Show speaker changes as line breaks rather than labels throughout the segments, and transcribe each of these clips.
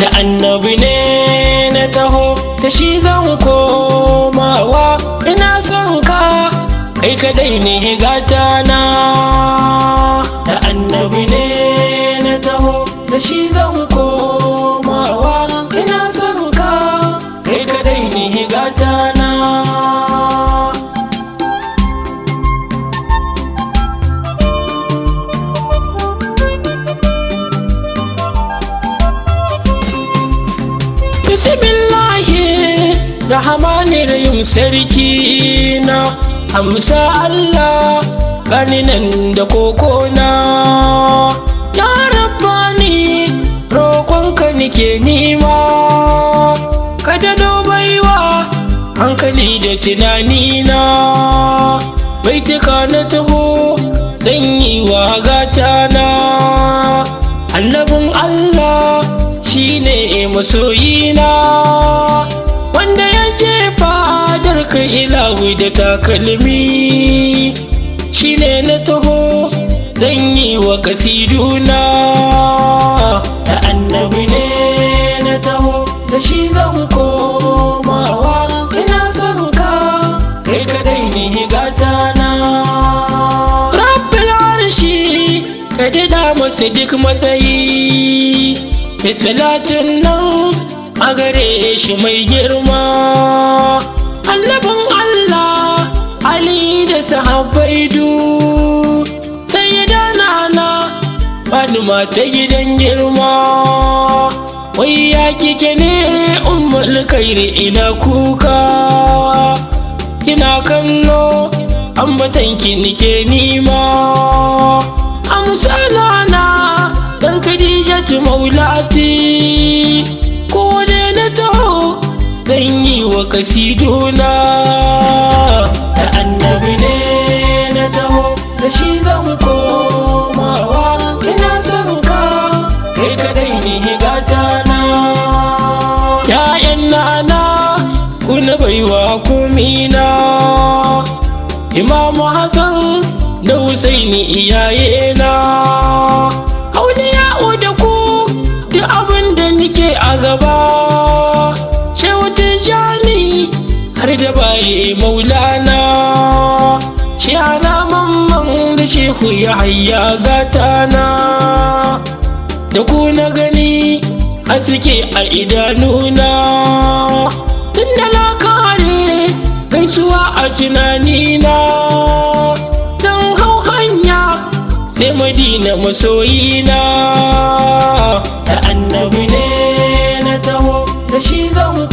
da annabi ne na taho da shi zan komawa ina son ka kai kadai ne gata na sarki na amsa Allah nan da koko na. ya rabbani roƙonka nike nima kada baiwa hankali da tunani na baituka na taho zan yi wa gata na annabin Allah shine masoyina ka ilahu da takalmi shine na taho zan yi wa kasiduna da annabi ne na taho da shi zan komawa ina son ka kai kadai ne gata na rabbin shi ka dida masa duk matsayi da salatin nan a gare shi mai girma annabin Allah Ali da sahabbai du sai ya dana na Fatima ta gidan girma wai ya kike ne ummul kairi ina kuka kina kallo ambatanki nike nima amsalana dan Khadijatu maulati zan yi wa kasidona da annabi ne na taho da shi zan komawa ina son ka kai kadai ne gata na ya'yan nana kuna baiwa kumina imamu hassan da husaini iyaye da baye maulana shi ana mamman da shehu ya hayya gatana da ku na gani a suke a idanuna tun da na kare gaisuwa a tunanina zan hau hanya sai madina masoyina Ta annabi ne na taho da shi zan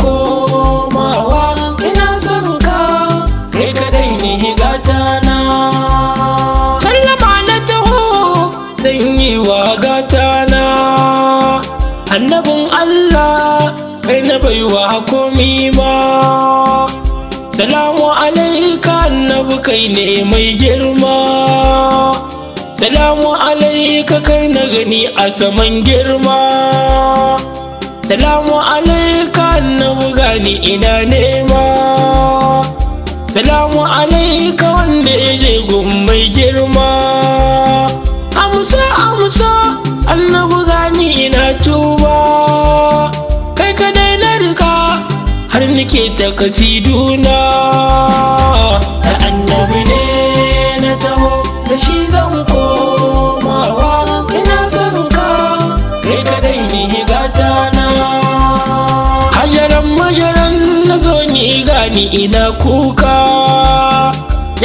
kai ne mai girma salamu alaika kai na gani a saman girma salamu alaika na buga ni ina nema salamu alaika wanda ya je gun mai girma amsa amsa annabu zani ina tuba kai ka na rika har nake ta kasiduna da shi zan komawa ina son ka kai kadai ni gata na hajaran majaran na zo ni gani ina kuka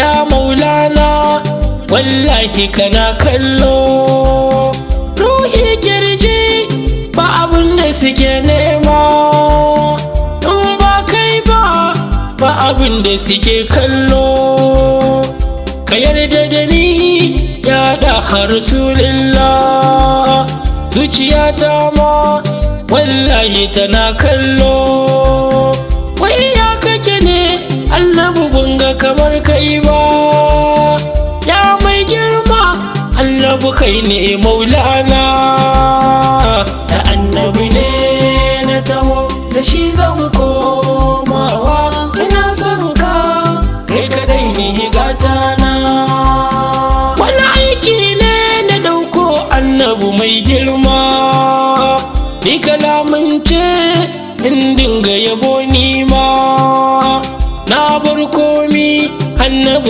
ya maulana wallahi kana kallo ruhi girji ba abin da suke nema in ba kai ba ba abin da suke kallo ka yarda da ya daha rasulillah ta ma wallahi tana kallo wai ya kake ne annabi bunga kamar kai ba ya mai girma annabi kai ne maulana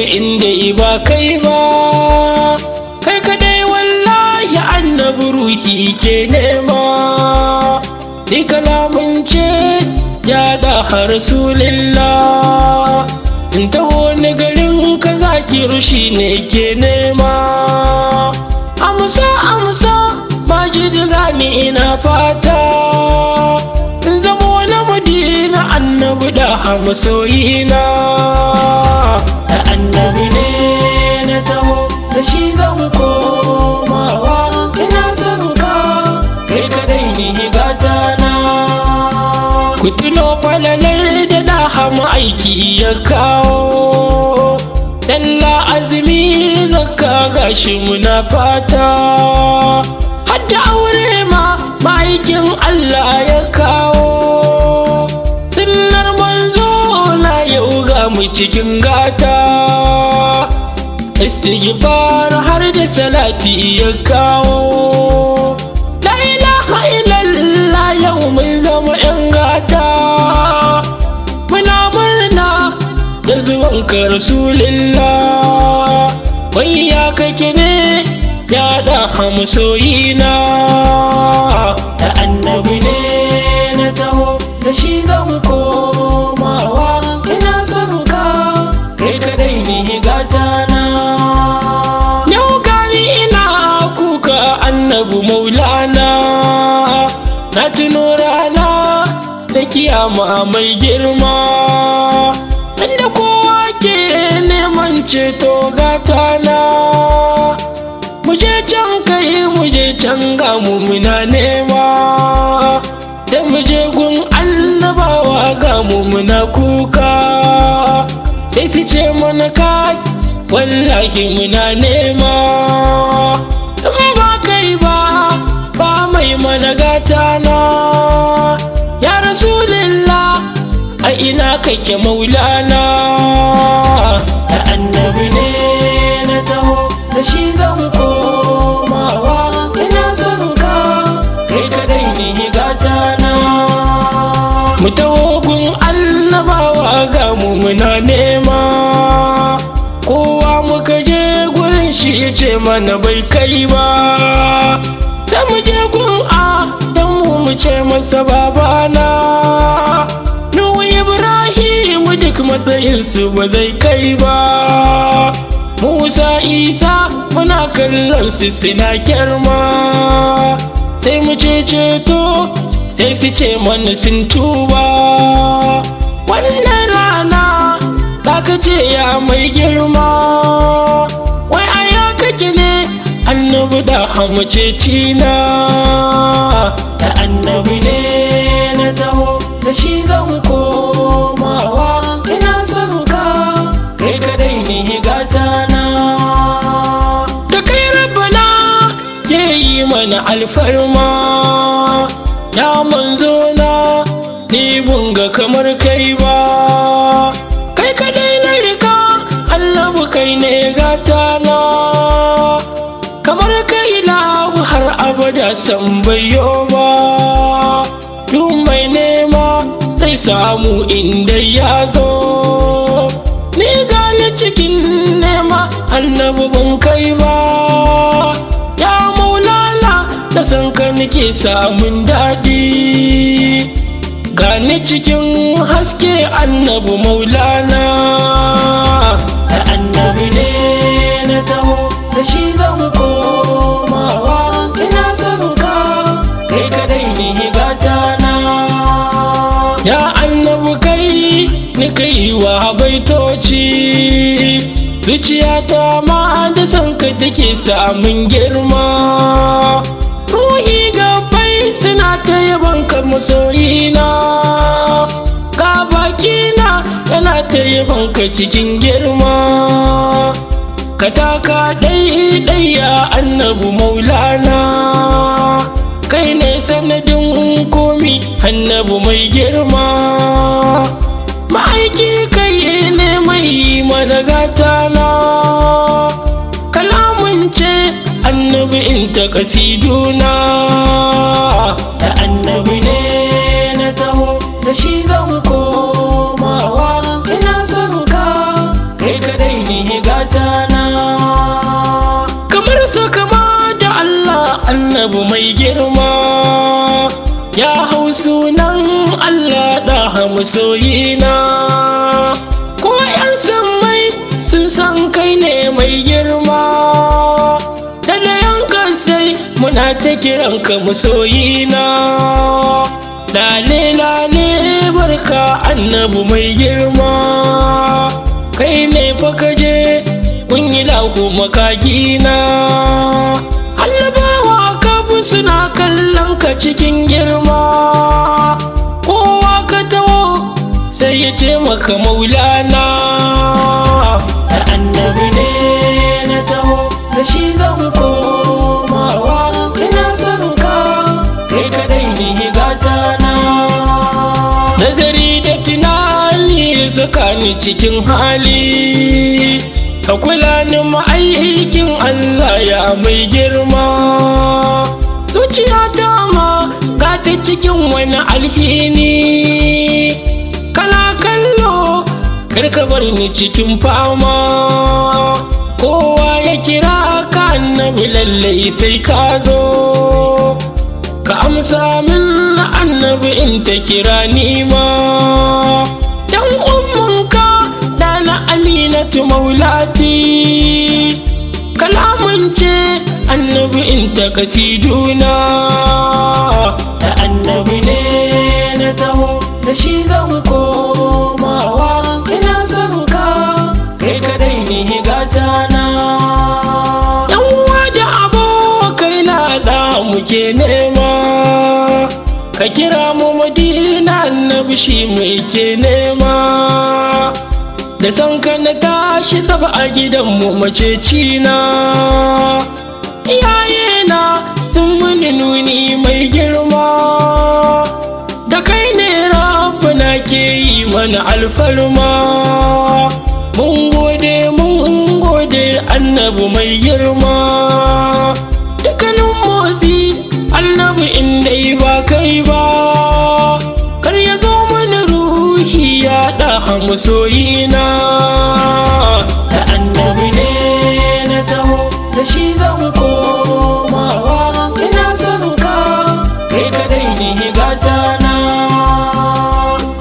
inda iba kai ba kai kadai wallahi annabi ruhi ke nema ni kalamun ce ya da rasulillah in taho ni garin ka zaki rushi ne ke nema amsa amsa ba ji ina fata a masoyina da annabi ne na taho da shi zan komawa ina son ka kai kadai ne gata na ku tuno falalar da na hama aiki ya kawo sallah azumi zakka gashi muna fata hadda aure ma ma'aikin Allah ya kawo cikin gata istighfar har da salati ya kawo la ilaha illallah yau mun zama yan gata muna murna da zuwan ka rasulillah wai ya kake ne ya da hamsoyina da annabi ne na taho da shi zan koma rana da kiyama mai girma inda kowa ke neman ceto gata na muje can kai muje can ga mu nema sai muje gun annabawa ga mu kuka sai su ce mana kai wallahi muna nema in ba kai ba ba mai mana gatana. a ina kake maulana da annabi ne na taho da shi zan komawa ina son ka kai ka kadai ne na. mu taho gun annabawa ga mu muna nema kowa muka je gurin shi ya ce mana bai kai ba sai mu je gun a dan mu mu ce masa babana duk matsayinsu ba zai kai ba musa isa muna kallon su suna kyarma sai mu ce ceto sai su ce mana sun tuba wannan rana za ka ce ya mai girma wai a ya kake ne annabi da hamace cina da annabi na alfarma na manzo na ni bunga kamar kai ba kai kadai na rika annabu kai ne gata na kamar kai bu har abada san bayo ba duk mai nema sai samu inda ya zo ni gane cikin nema annabu ban kai ba ka ka nake samun daɗi gani cikin haske annabi maulana da annabi ne na taho da shi zan komawa ina son ka kai kadai ne na. ya annabi kai ni kai wa baitoci zuciyata ma da son ka take samun girma ruhi gabai suna ta yaban ka masoyina ga bakina yana ta yaban ka cikin girma ka taka ɗai ɗaya annabu maulana kai ne sanadin komi annabu mai girma ma'aiki kai ne mai managatana annabi in ta kasiduna da annabi ne na taho da shi zan komawa ina son ka kai kadai ne gata na kamar sa kama da Allah annabi mai girma ya hau sunan Allah da na. kiran ka masoyina lale lale barka annabu mai girma kai ne fa ka je kun yi lagu makagina allabawa kafin suna kallon ka cikin girma kowa ka taho sai ya ce maka maulana saka ni cikin hali ka kula ni ma'aikin Allah ya mai girma zuciya ta ma ga ta cikin wani alhini kana kallo karka bar ni cikin fama kowa ya kira ka annabi lallai sai ka zo ka amsa min annabi in ta kira ni ma ta maulati ce annabi in ta kasiduna da annabi ne na taho da shi zan komawa ina son ka kai kadai ne gata na yan uwa da abokai na da muke nema ka kira mu madina annabi shi muke nema da son ka shi tsaf a gidanmu mace cina Iyayena sun mini nuni mai girma da kai ne rabu na ke yi mana alfarma mun gode mun gode annabu mai girma dukkanin motsi annabu inda ba kai ba masoyina da annabi ne na taho da shi zan komawa ina son ka kai kadai ne gata na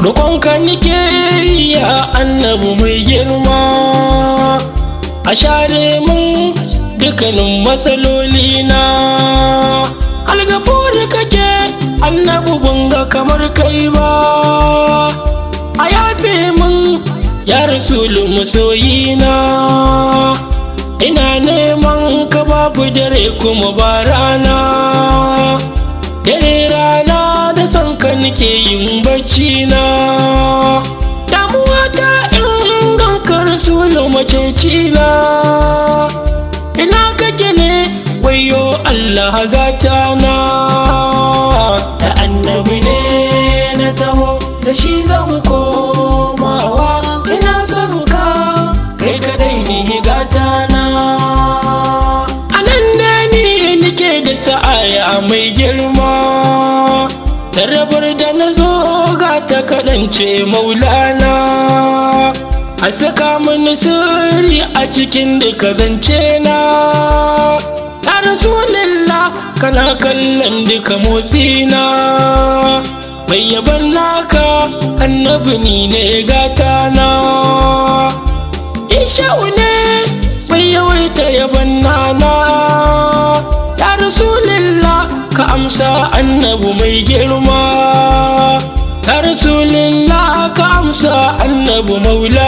roƙonka nike ya annabi mai girma a share mun dukkanin matsalolina algafuri kake annabi bunga kamar kai ba a ya rasulu masoyina ina neman ka babu dare kuma ba rana dare rana da san ka nike yin bacci na damuwa ta in gan ka rasulu maceci na ina kake ne wayo Allah gata mai girma Tarabar da na zo ga ta kaɗance maulana A saka mini sirri a cikin duka zance na Ya Rasulullah kana kallon duka motsi Mai yaban naka annabi ne gata na amsa annabu mai girma ya rasulullah ka amsa annabu maula